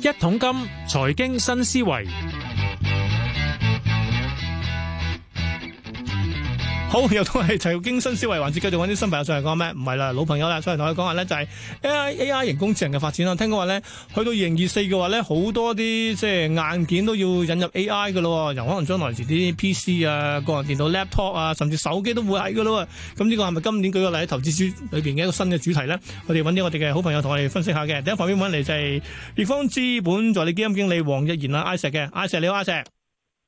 一桶金，財經新思維。好，又都係齊京新思維環節，繼續揾啲新朋友上嚟講咩？唔係啦，老朋友啦，上嚟同佢講下咧，就係 A I A I 人工智能嘅發展咯。聽講話咧，去到二零二四嘅話咧，好多啲即係硬件都要引入 A I 嘅咯，又可能將來遲啲 P C 啊、個人電腦、laptop 啊，甚至手機都會喺嘅咯。咁呢個係咪今年舉個例投資主裏邊嘅一個新嘅主題咧？我哋揾啲我哋嘅好朋友同我哋分析下嘅。第一方面揾嚟就係易方資本助理基金經理王逸研啊，Isaac 嘅，Isaac 你好，Isaac。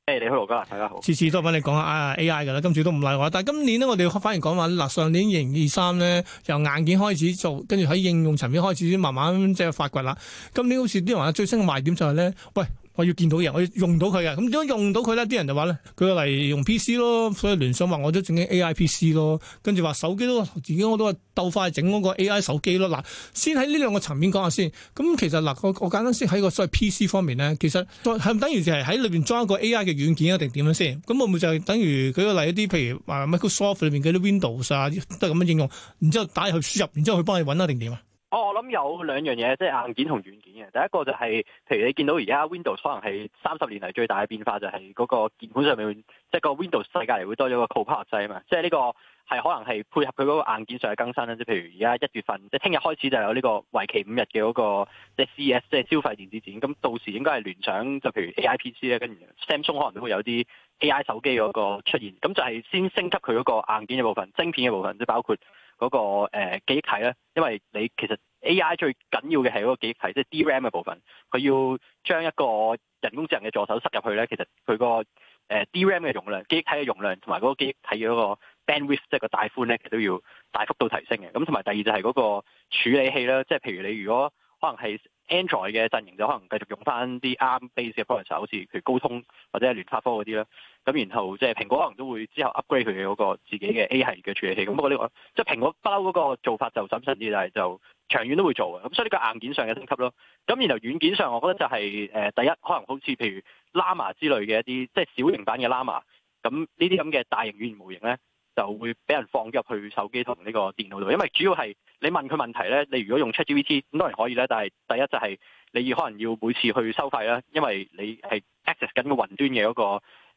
誒，你好羅嘉，大家好。次次都俾你講下啊 AI 嘅啦，今次都唔例外。但係今年咧，我哋反而講話嗱，上年二零二三咧，由硬件開始做，跟住喺應用層面開始慢慢即係發掘啦。今年好似啲人話最新嘅賣點就係咧，喂。我要見到人，我要用到佢嘅，咁點樣用到佢咧？啲人就話咧，佢嚟用 P C 咯，所以聯想話我都整啲 A I P C 咯，跟住話手機都自己我都鬥快整嗰個 A I 手機咯。嗱，先喺呢兩個層面講下先。咁其實嗱，我我簡單先喺個所謂 P C 方面咧，其實係唔等於就係喺裏邊裝一個 A I 嘅軟件，定點樣先？咁會唔會就係等於舉個例啲，譬如 Microsoft 裏邊嗰啲 Windows 啊，都係咁樣應用，然之後打入去輸入，然之後去幫你揾啊，定點啊？哦，oh, 我諗有兩樣嘢，即係硬件同軟件嘅。第一個就係、是，譬如你見到而家 Windows 可能係三十年嚟最大嘅變化，就係、是、嗰個鍵盤上面，即係個 Windows 世界嚟會多咗個 Copilot 鍵啊嘛。即係呢個係可能係配合佢嗰個硬件上嘅更新啦。即係譬如而家一月份，即係聽日開始就有呢個為期五日嘅嗰、那個即 CES 即係消費電子展。咁到時應該係聯想就譬如 AIPC 咧，跟住 Samsung 可能會有啲 AI 手機嗰個出現。咁就係先升級佢嗰個硬件嘅部分、晶片嘅部分，即包括。嗰、那個誒、呃、記憶體咧，因為你其實 AI 最緊要嘅係嗰個記憶體即係、就是、DRAM 嘅部分，佢要將一個人工智能嘅助手塞入去咧，其實佢個誒、呃、DRAM 嘅容量、記憶體嘅容量同埋嗰個記憶體嘅嗰個 bandwidth，即係個帶寬咧，都要大幅度提升嘅。咁同埋第二就係嗰個處理器啦，即、就、係、是、譬如你如果可能係。Android 嘅陣營就可能繼續用翻啲 ARM base 嘅 processor 好似譬如高通或者聯發科嗰啲啦。咁然後即係蘋果可能都會之後 upgrade 佢嘅嗰個自己嘅 A 系列嘅處理器。咁不過呢、這個即係蘋果不嬲嗰個做法就審慎啲，但係就長遠都會做嘅。咁所以呢個硬件上嘅升級咯。咁然後軟件上，我覺得就係、是、誒、呃、第一，可能好似譬如 Llama 之類嘅一啲即係小型版嘅 Llama 咁呢啲咁嘅大型語言模型咧。就會俾人放入去手機同呢個電腦度，因為主要係你問佢問題咧，你如果用 ChatGPT 咁當然可以咧，但係第一就係你可能要每次去收費啦，因為你係 access 緊個雲端嘅嗰個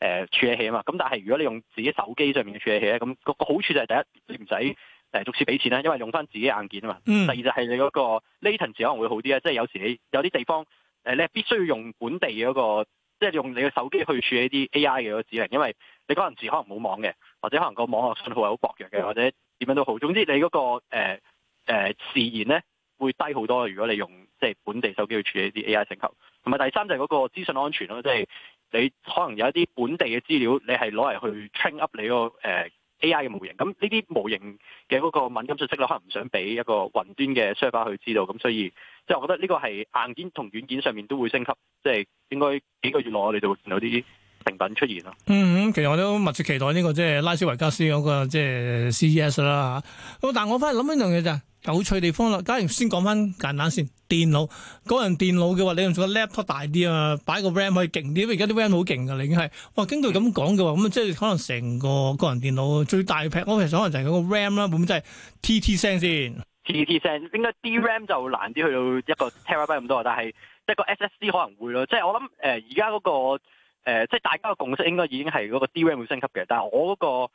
誒處理器啊嘛，咁但係如果你用自己手機上面嘅處理器咧，咁個好處就係第一你唔使誒逐次俾錢啦，因為用翻自己硬件啊嘛，mm. 第二就係你嗰個 latency 可能會好啲啊，即、就、係、是、有時你有啲地方誒、呃、你係必須要用本地嘅嗰、那個。即係用你嘅手機去處理啲 A.I. 嘅嗰個指令，因為你嗰陣時可能冇網嘅，或者可能個網絡信號係好薄弱嘅，或者點樣都好。總之你嗰、那個誒誒時延咧會低好多。如果你用即係、就是、本地手機去處理啲 A.I. 請求，同埋第三就係嗰個資訊安全咯。即、就、係、是、你可能有一啲本地嘅資料，你係攞嚟去 train up 你個誒、呃、A.I. 嘅模型。咁呢啲模型嘅嗰個敏感信息咧，可能唔想俾一個雲端嘅 server 去知道。咁所以。即係我覺得呢個係硬件同軟件上面都會升級，即、就、係、是、應該幾個月內我哋就會見到啲成品出現咯。嗯嗯，其實我都密切期待呢、這個即係、就是、拉斯維加斯嗰、那個即係 CES 啦吓。咁、就是嗯、但係我翻去諗一樣嘢就係有趣地方咯。假如先講翻簡單先，電腦，個人電腦嘅話，你用個 laptop 大啲啊，擺個 ram 可以勁啲。因為而家啲 ram 好勁噶，你已經係哇。根據咁講嘅話，咁即係可能成個個人電腦最大劈，我其實可能就係嗰個 ram 啦。咁即係 T T 聲先。T T 聲，應該 DRAM 就難啲去到一個 terabyte 咁多，但係即係、就、個、是、SSD 可能會咯。即、就、係、是、我諗誒，而家嗰個即係、呃就是、大家嘅共識應該已經係嗰個 DRAM 會升級嘅。但係我嗰個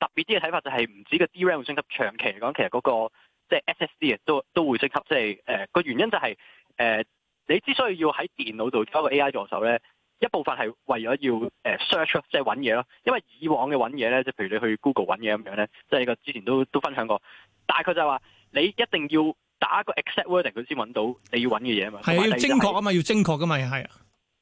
特別啲嘅睇法就係唔止個 DRAM 會升級，長期嚟講，其實嗰、那個即係 SSD 啊，就是、SS 都都會升級。即係誒個原因就係、是、誒、呃、你之所以要喺電腦度搞個 AI 助手咧，一部分係為咗要誒 search 即係揾嘢咯。因為以往嘅揾嘢咧，即、就、係、是、譬如你去 Google 揾嘢咁樣咧，即你個之前都都分享過，大概就係、是、話。你一定要打個 exact wording，佢先揾到你要揾嘅嘢啊嘛。係係、啊、要精確啊嘛，要精確噶嘛，係啊，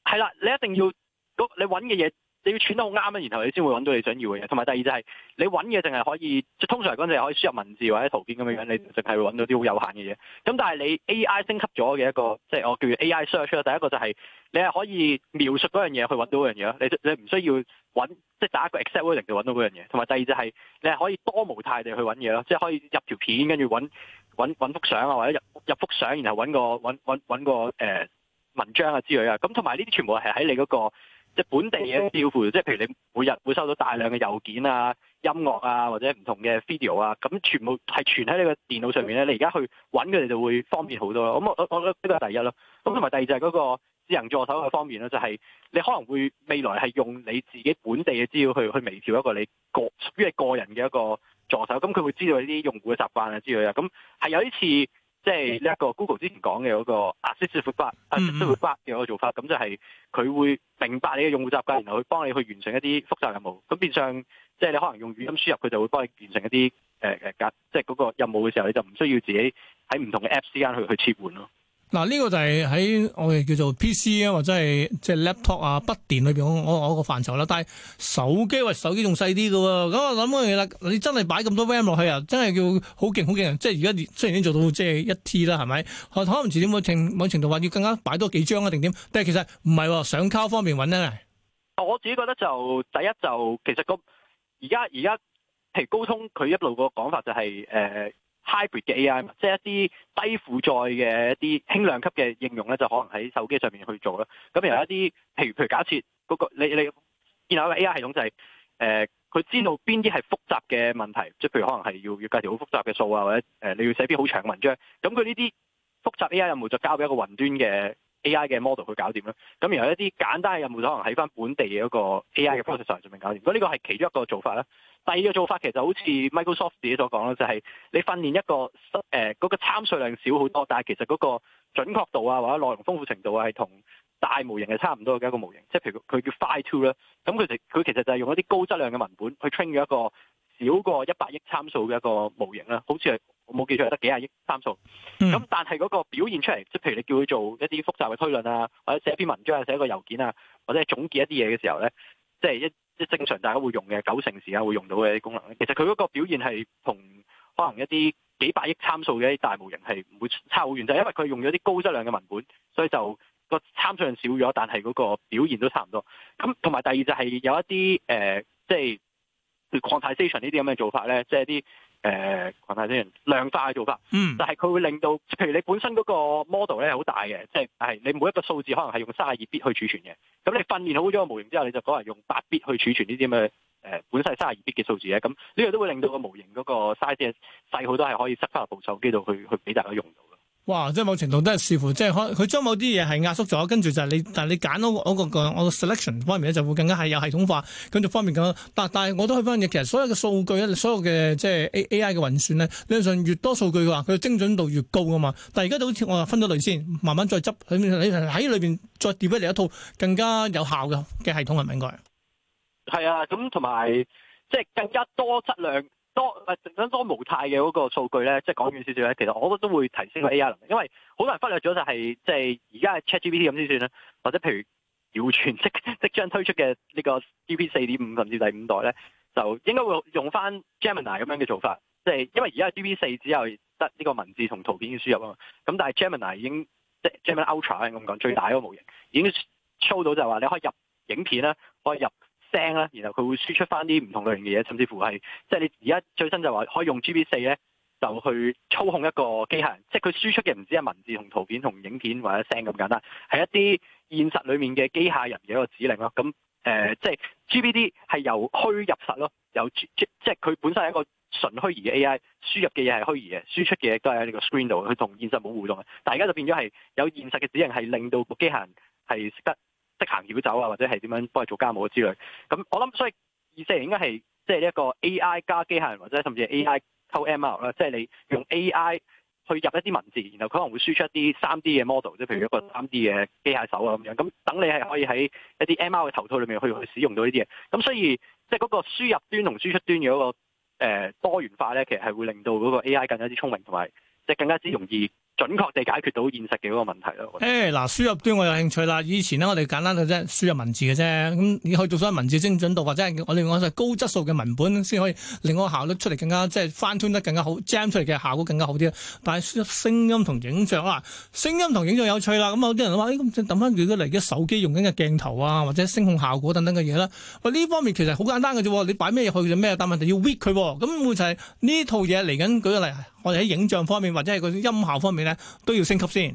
係啦、啊，你一定要咁，你揾嘅嘢。你要串得好啱啊，然後你先會揾到你想要嘅嘢。同埋第二就係、是、你揾嘢淨係可以，即通常嚟講就係可以輸入文字或者圖片咁樣樣，你淨係會揾到啲好有限嘅嘢。咁但係你 AI 升級咗嘅一個，即係我叫 AI search 咯。第一個就係、是、你係可以描述嗰樣嘢去揾到嗰樣嘢咯。你你唔需要揾，即係打一個 exact wording 嚟揾到嗰樣嘢。同埋第二就係、是、你係可以多模態地去揾嘢咯，即係可以入條片跟住揾揾幅相啊，或者入入幅相然後揾個揾、呃、文章啊之類啊。咁同埋呢啲全部係喺你嗰、嗰個。即係本地嘅，似乎即係譬如你每日會收到大量嘅郵件啊、音樂啊或者唔同嘅 video 啊，咁全部係存喺呢個電腦上面咧，你而家去揾佢哋就會方便好多咯。咁我我覺得呢個第一咯。咁同埋第二就係嗰個智能助手嘅方面咧，就係、是、你可能會未來係用你自己本地嘅資料去去微調一個你個屬於係個人嘅一個助手，咁佢會知道呢啲用戶嘅習慣啊之類啊，咁係有啲似。即係呢一個 Google 之前講嘅嗰個 Assistant 會發 Assistant 會發嘅嗰個做法，咁就係、是、佢會明白你嘅用戶習慣，然後去幫你去完成一啲複雜任務。咁變相即係你可能用語音輸入，佢就會幫你完成一啲誒誒即係嗰個任務嘅時候，你就唔需要自己喺唔同嘅 apps 之間去去切換咯。嗱呢、啊這個就係喺我哋叫做 P.C.、啊、或者係、就、即、是、係、就是、laptop 啊筆電裏邊我我我個範疇啦，但係手機話手機仲細啲㗎喎，咁我諗嘅嘢啦，你真係擺咁多 RAM 落去啊，真係叫好勁好勁即係而家雖然已經做到即係一 T 啦，係咪？可能遲啲會聽某程度話要更加擺多幾張啊，定點？但係其實唔係喎，上卡方面揾咧。我自己覺得就第一就其實個而家而家，譬如高通佢一路個講法就係、是、誒。呃 Hybrid 嘅 AI，即係一啲低負載嘅一啲輕量級嘅應用咧，就可能喺手機上面去做啦。咁有一啲，譬如譬如假設嗰、那個、你你見到一個 AI 系統就係、是，誒、呃、佢知道邊啲係複雜嘅問題，即係譬如可能係要要計條好複雜嘅數啊，或者誒、呃、你要寫篇好長嘅文章，咁佢呢啲複雜 AI 任務就交俾一個雲端嘅。A.I. 嘅 model 去搞掂啦，咁然後一啲簡單嘅任務可能喺翻本地嘅一個 A.I. 嘅 processor、er、上面搞掂，咁呢個係其中一個做法啦。第二個做法其實好似 Microsoft 自己所講啦，就係、是、你訓練一個誒嗰、呃那個參數量少好多，但係其實嗰個準確度啊或者內容豐富程度係、啊、同大模型係差唔多嘅一個模型，即係譬如佢叫 Phi Two 啦，咁佢哋佢其實就係用一啲高質量嘅文本去 train 咗一個少過一百億參數嘅一個模型啦，好似係。我冇記錯，得幾廿億參數。咁、嗯、但係嗰個表現出嚟，即係譬如你叫佢做一啲複雜嘅推論啊，或者寫一篇文章啊、寫一個郵件啊，或者係總結一啲嘢嘅時候咧，即係一一正常大家會用嘅九成時間會用到嘅啲功能咧。其實佢嗰個表現係同可能一啲幾百億參數嘅大模型係唔會差好遠，就係、是、因為佢用咗啲高質量嘅文本，所以就個參數量少咗，但係嗰個表現都差唔多。咁同埋第二就係有一啲誒、呃，即係 quantization 呢啲咁嘅做法咧，即係啲。誒，擴大啲量化嘅做法，嗯，但係佢會令到，譬如你本身嗰個 model 咧，好大嘅，即係係你每一個數字可能係用卅二 bit 去儲存嘅，咁你訓練好咗個模型之後，你就可能用八 bit 去儲存呢啲咁嘅誒本身係卅二 bit 嘅數字咧，咁呢個都會令到個模型嗰個 size 細好多，係可以塞翻入部手機度去去俾大家用到。哇！即係某程度都係視乎，即係可佢將某啲嘢係壓縮咗，跟住就係你，但係你揀嗰嗰個、嗰個我 selection、嗰個嗰個、方面咧，就會更加係有系統化，跟住方便咁樣。但係，但係我都睇翻嘢，其實所有嘅數據咧，所有嘅即係 AI 嘅運算咧，理論上越多數據嘅話，佢嘅精準度越高啊嘛。但係而家就好似我分咗類先，慢慢再執喺喺裏邊再調出嚟一套更加有效嘅嘅系統係咪應該？係啊，咁同埋即係更加多質量。多唔係多模態嘅嗰個數據咧，即係講遠少少咧，其實我覺得都會提升個 A.I. 能力，因為好多人忽略咗就係、是、即係而家嘅 ChatGPT 咁先算啦，或者譬如謠傳即，即即將推出嘅呢個 GPT 四點五甚至第五代咧，就應該會用翻 Gemini 咁樣嘅做法，即係因為而家 GPT 四只有得呢個文字同圖片嘅輸入啊，嘛。咁但係 Gemini 已經即 Gemini Ultra 咁講，最大嗰個模型已經 show 到就係話你可以入影片咧，可以入。聲啦，然後佢會輸出翻啲唔同類型嘅嘢，甚至乎係即係你而家最新就話可以用 G B 四咧，就去操控一個機械人，即係佢輸出嘅唔止係文字同圖片同影片或者聲咁簡單，係一啲現實裡面嘅機械人嘅一個指令咯。咁誒，即、呃、係、就是、G B D 係由虛入實咯，由即係佢本身係一個純虛擬嘅 A I 輸入嘅嘢係虛擬嘅，輸出嘅嘢都係喺呢個 screen 度，佢同現實冇互動。但係而家就變咗係有現實嘅指令係令到個機械人係識得。即行攪走啊，或者係點樣幫佢做家務之類。咁我諗，所以意思應該係即係一個 A.I. 加機械人，或者甚至係 A.I. 溝 M.R. 啦，即係你用 A.I. 去入一啲文字，然後佢可能會輸出一啲三 D 嘅 model，即係譬如一個三 D 嘅機械手啊咁樣。咁等你係可以喺一啲 M.R. 嘅頭套裏面去去使用到呢啲嘢。咁所以即係嗰個輸入端同輸出端嘅一、嗰個、呃、多元化咧，其實係會令到嗰個 A.I. 更加之聰明同埋，即係更加之容易。準確地解決到現實嘅嗰個問題咯。誒嗱，輸、hey，入端我有興趣啦。以前呢，我哋簡單就係，輸入文字嘅啫。咁你去做咗文字精準度，或者係我哋講就高質素嘅文本先可以令我效率出嚟更加，即係翻轉得更加好，jam 出嚟嘅效果更加好啲。但係輸入聲音同影像啊，聲音同影像有趣啦。咁有啲人話：，誒、欸、咁，等翻舉個例，而家手機用緊嘅鏡頭啊，或者聲控效果等等嘅嘢啦。喂，呢方面其實好簡單嘅啫。你擺咩去就咩嘢，但問題要 read 佢。咁會就係呢套嘢嚟緊。舉個例。我哋喺影像方面或者係個音效方面咧，都要升級先。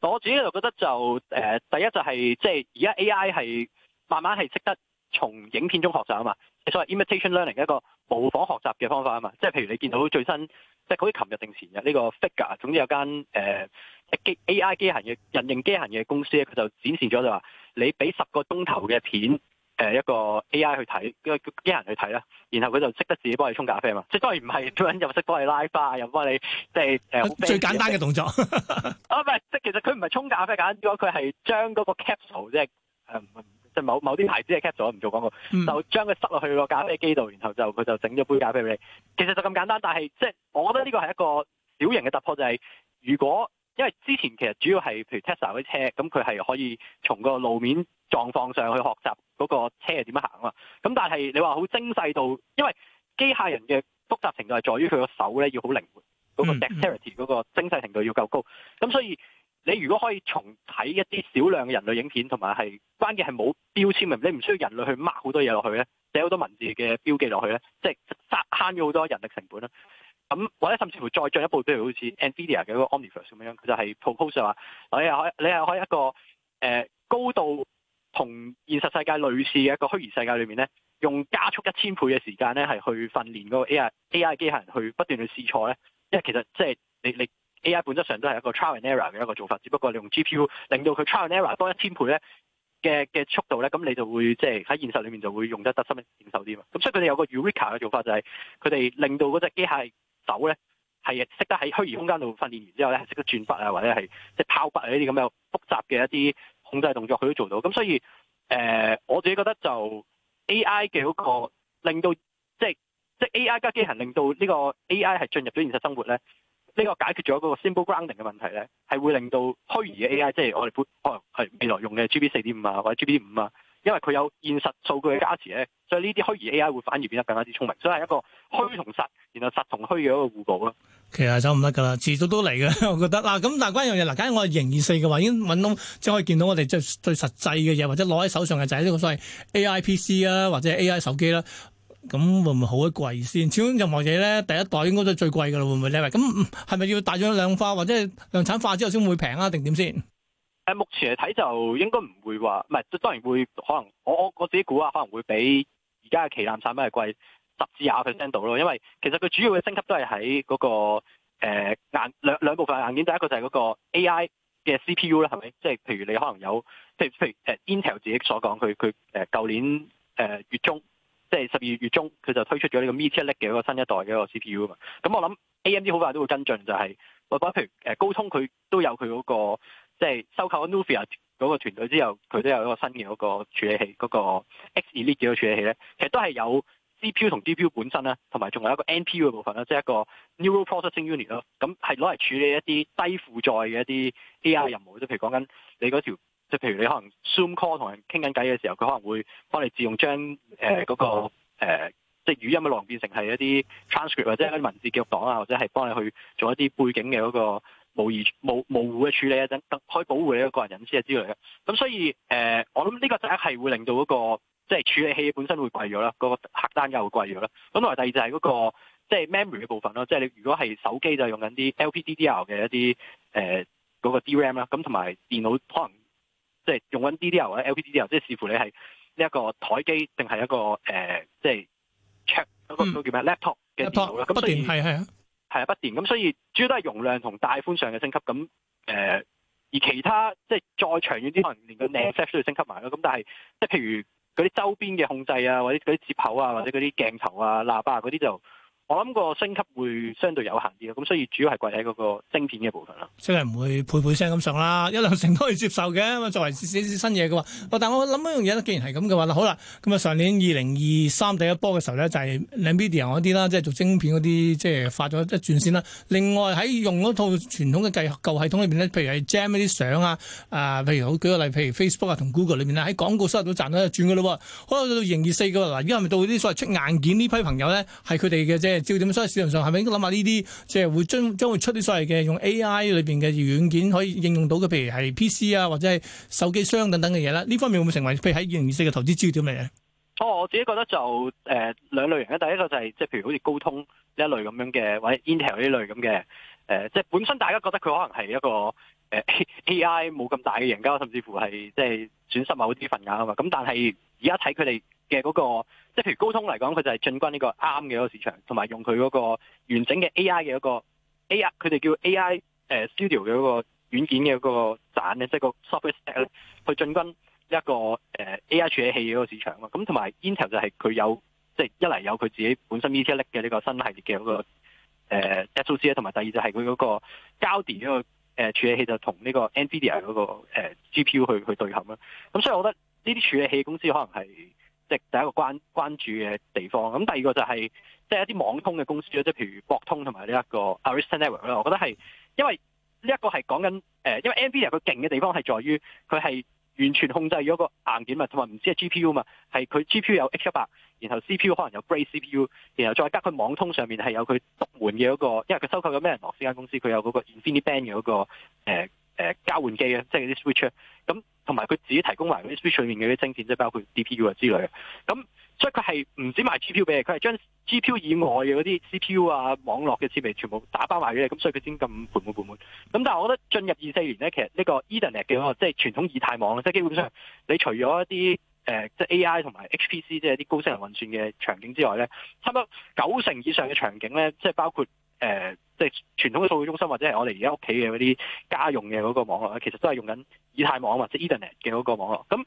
我自己就覺得就誒、呃，第一就係、是、即係而家 A I 係慢慢係識得從影片中學習啊嘛，所謂 imitation learning 一個模仿學習嘅方法啊嘛。即係譬如你見到最新，即係嗰啲琴日定前日呢、這個 figure 總之有間誒機 A I 機械嘅人形機械嘅公司咧，佢就展示咗就話你俾十個鐘頭嘅片。誒一個 AI 去睇，一個機械人去睇啦，然後佢就識得自己幫你沖咖啡嘛，即係當然唔係咁樣又識幫你拉花，又幫你即係誒最簡單嘅動作。哦、 啊，唔係，即係其實佢唔係沖咖啡簡單，如果佢係將嗰個 capsule 即係誒，即、呃、係、就是、某某啲牌子嘅 capsule 唔做廣告，嗯、就將佢塞落去個咖啡機度，然後就佢就整咗杯咖啡俾你。其實就咁簡單，但係即係我覺得呢個係一個小型嘅突破，就係、是、如果。因為之前其實主要係譬如 Tesla 嗰啲車，咁佢係可以從個路面狀況上去學習嗰個車係點樣行啊嘛。咁但係你話好精細到，因為機械人嘅複雜程度係在於佢個手咧要好靈活，嗰個 dexterity 嗰個精細程度要夠高。咁所以你如果可以重睇一啲少量嘅人類影片，同埋係關鍵係冇標籤啊，你唔需要人類去 mark 好多嘢落去咧，寫好多文字嘅標記落去咧，即係慳咗好多人力成本啦。咁、嗯、或者甚至乎再進一步，譬如好似 Nvidia 嘅嗰個 Omniverse 咁樣，佢就係 proposal 話你又可你又可以一個誒、呃、高度同現實世界類似嘅一個虛擬世界裏面咧，用加速一千倍嘅時間咧，係去訓練嗰個 A.I. A.I. 機械人去不斷去試錯咧。因為其實即係你你，你 A.I. 本質上都係一個 trial and error 嘅一個做法，只不過你用 G.P.U. 令到佢 trial and error 多一千倍咧嘅嘅速度咧，咁你就會即係喺現實裏面就會用得得心應手啲嘛。咁所以佢哋有個、e、Eureka 嘅做法就係佢哋令到嗰隻機械。手咧係識得喺虛擬空間度訓練完之後咧，識得轉筆啊，或者係即係拋筆啊呢啲咁有複雜嘅一啲控制動作，佢都做到。咁所以誒、呃，我自己覺得就 A I 嘅嗰、那個令到即係即係 A I 加機械，令到呢、就是就是、個 A I 係進入咗現實生活咧，呢、這個解決咗嗰個 symbol grounding 嘅問題咧，係會令到虛擬嘅 A I 即係我哋本可能係未來用嘅 G P 四點五啊或者 G P 五啊。因為佢有現實數據嘅加持咧，所以呢啲虛擬 AI 會反而變得更加之聰明，所以係一個虛同實，然後實同虛嘅一個互補咯。其實走唔得噶啦，遲早都嚟噶，我覺得。嗱、啊，咁但係關於一樣嘢，嗱、啊，假如我係二零二四嘅話，已經搵到即可以見到我哋最最實際嘅嘢，或者攞喺手上嘅就係呢個所謂 AI PC 啦、啊，或者 AI 手機啦、啊，咁、嗯、會唔會好鬼貴先？始終任何嘢咧，第一代應該都係最貴噶啦，會唔會呢？咁係咪要大咗量化或者量產化之後先會平啊？定點先？目前嚟睇就應該唔會話，唔係當然會可能我我我自己估啊，可能會比而家嘅旗艦產品係貴十至廿 percent 到咯。因為其實佢主要嘅升級都係喺嗰個硬、呃、兩兩部分硬件，第一個就係嗰個 AI 嘅 CPU 啦，係咪？即係譬如你可能有，即係譬如誒 Intel 自己所講，佢佢誒舊年誒、呃、月中，即係十二月中佢就推出咗呢個 Meteor 嘅一個新一代嘅一個 CPU 啊。咁我諗 AMD 好快都會跟進，就係我覺得譬如誒高通佢都有佢嗰個。即係收購咗 Nuvia 嗰個團隊之後，佢都有一個新嘅嗰個處理器，嗰個 X Elite 嘅處理器咧，其實都係有 CPU 同 GPU 本身啦，同埋仲有一個 NPU 嘅部分啦，即係一個 Neural Processing Unit 咯。咁係攞嚟處理一啲低負載嘅一啲 AI 任務，即譬如講緊你嗰條，即係譬如你可能 Zoom call 同人傾緊偈嘅時候，佢可能會幫你自動將誒嗰個誒即係語音嘅內容變成係一啲 transcript 或者一啲文字記錄檔啊，或者係幫你去做一啲背景嘅嗰個。模糊模糊嘅處理一陣，得可以保護你嘅個人隱私啊之類嘅。咁所以誒，我諗呢個就係會令到嗰個即係處理器本身會貴咗啦，嗰個客單價會貴咗啦。咁同埋第二就係嗰個即係 memory 嘅部分咯，即係你如果係手機就用緊啲 LPDDR 嘅一啲誒嗰個 DRAM 啦。咁同埋電腦可能即係用緊 DDR 或者 LPDDR，即係視乎你係呢一個台機定係一個誒即係 check 嗰個叫咩 Laptop 嘅電腦啦。不斷係係啊。係啊，筆電咁，所以主要都係容量同大寬上嘅升級咁誒、呃，而其他即係再長遠啲，可能連個內設都要升級埋咯。咁但係即係譬如嗰啲周邊嘅控制啊，或者嗰啲接口啊，或者嗰啲鏡頭啊、喇叭嗰、啊、啲就。我諗個升級會相對有限啲，咁所以主要係貴喺嗰個晶片嘅部分啦。即係唔會配配聲咁上啦，一兩成都可以接受嘅。作為寫寫新嘢嘅話，但我諗一樣嘢既然係咁嘅話啦，好啦，咁啊上年二零二三第一波嘅時候咧，就係 Nvidia 嗰啲啦，即係做晶片嗰啲，即係發咗一轉先啦。另外喺用嗰套傳統嘅計舊系統裏邊咧，譬如係 Jam 啲相啊，啊，譬如好舉個例，譬如 Facebook 啊同 Google 裏面咧，喺廣告收入都賺到就轉嘅咯喎。可能到到二零二四個嗱，而家係咪到啲所謂出硬件呢批朋友咧，係佢哋嘅啫？焦點。所以市場上係咪應該諗下呢啲即係會將將會出啲所謂嘅用 AI 裏邊嘅軟件可以應用到嘅，譬如係 PC 啊或者係手機箱等等嘅嘢啦。呢方面會唔會成為譬如喺二零二四嘅投資焦點嚟嘅嘢？哦，我自己覺得就誒、呃、兩類型啦。第一個就係即係譬如好似高通呢一類咁樣嘅，或者 Intel 呢類咁嘅誒，即係本身大家覺得佢可能係一個誒、呃、AI 冇咁大嘅贏家，甚至乎係即係損失某啲份額啊嘛。咁但係而家睇佢哋。嘅嗰、那個即係譬如高通嚟講，佢就係進軍呢個啱嘅一個市場，同埋用佢嗰個完整嘅 A.I. 嘅一、那個 A.I. 佢哋叫 A.I. 誒、呃、Studio 嘅嗰個軟件嘅嗰個棧咧，即係個 software stack 咧去進軍一個誒、呃、A.I. 處理器嗰個市場啊。咁、嗯、同埋 Intel 就係佢有即係、就是、一嚟有佢自己本身 Intel 嘅呢個新系列嘅嗰、那個 SoC 啊，同、呃、埋、so、第二就係佢嗰個 Gaudi 嗰個誒處理器就同呢個 Nvidia 嗰、那個、呃、G.P.U. 去去對撼啦。咁、嗯、所以我覺得呢啲處理器公司可能係。即係第一個關關注嘅地方，咁第二個就係即係一啲網通嘅公司即係譬如博通同埋呢一個 Arista Network 我覺得係因為呢一個係講緊誒，因為 Nvidia 佢勁嘅地方係在於佢係完全控制咗個硬件嘛，同埋唔止係 GPU 嘛，係佢 GPU 有 H 一百，然後 CPU 可能有 Grace CPU，然後再加佢網通上面係有佢獨門嘅一個，因為佢收購咗 Mellanox 呢間公司，佢有嗰個 InfiniBand t y 嘅嗰個誒、呃呃、交換機嘅，即係啲 switch 咁、嗯。同埋佢自己提供埋 switch 上面嘅啲晶片，即係包括 DPU 啊之類嘅。咁所以佢係唔止賣 GPU 俾你，佢係將 GPU 以外嘅嗰啲 CPU 啊、網絡嘅設備全部打包埋俾你。咁所以佢先咁盤滿盤滿。咁但係我覺得進入二四年咧，其實呢個 Ethernet 嘅即係傳統以太網咧，即係基本上你除咗一啲誒即係 AI 同埋 HPC 即係啲高性能運算嘅場景之外咧，差唔多九成以上嘅場景咧，即係包括。誒、呃，即係傳統嘅數據中心或者係我哋而家屋企嘅嗰啲家用嘅嗰個網絡咧，其實都係用緊以太網或者 Ethernet 嘅嗰個網絡。咁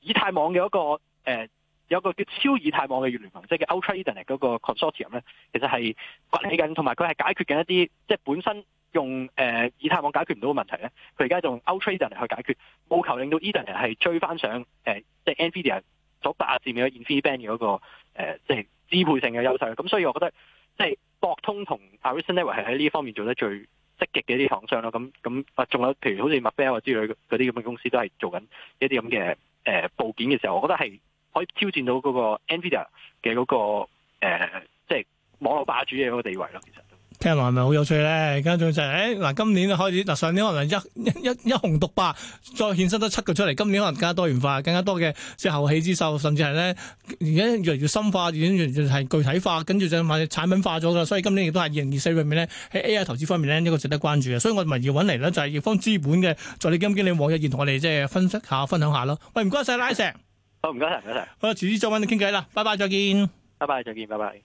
以太網嘅一個、呃、有一個叫超以太網嘅聯盟，即係叫 Ultra Ethernet 嗰個 consortium 咧，其實係崛起緊，同埋佢係解決緊一啲即係本身用誒、呃、以太網解決唔到嘅問題咧。佢而家就用 Ultra Ethernet 去解決，務求令到 Ethernet 係追翻上誒、呃，即係 NVIDIA 所霸佔嘅 InfiniBand 嘅嗰、那個、呃、即係支配性嘅優勢。咁所以我覺得即係。博通同 Arista Networks 係喺呢方面做得最積極嘅啲廠商咯，咁咁啊，仲有譬如好似 Macbeth 啊之類嗰啲咁嘅公司都係做緊一啲咁嘅誒部件嘅時候，我覺得係可以挑戰到嗰個 NVIDIA 嘅嗰、那個、呃、即係網絡霸主嘅嗰個地位咯，其實。聽落係咪好有趣咧？而家就係、是，誒、欸、嗱，今年開始嗱，上年可能一一一雄獨霸，再衍生得七個出嚟。今年可能更加多元化，更加多嘅即後起之秀，甚至係咧，而家越嚟越深化，而家越來越係具體化，跟住就係產品化咗啦。所以今年亦都係二零二四裏面咧，喺 AI 投資方面咧，一個值得關注嘅。所以我咪要揾嚟咧，就係、是、易方資本嘅助理金經理王逸研同我哋即係分析下、分享下咯。喂，唔該晒，拉石。好，唔該晒，好啦。好，遲啲再揾你傾偈啦。拜拜，拜拜，再見。拜拜，再見。拜拜。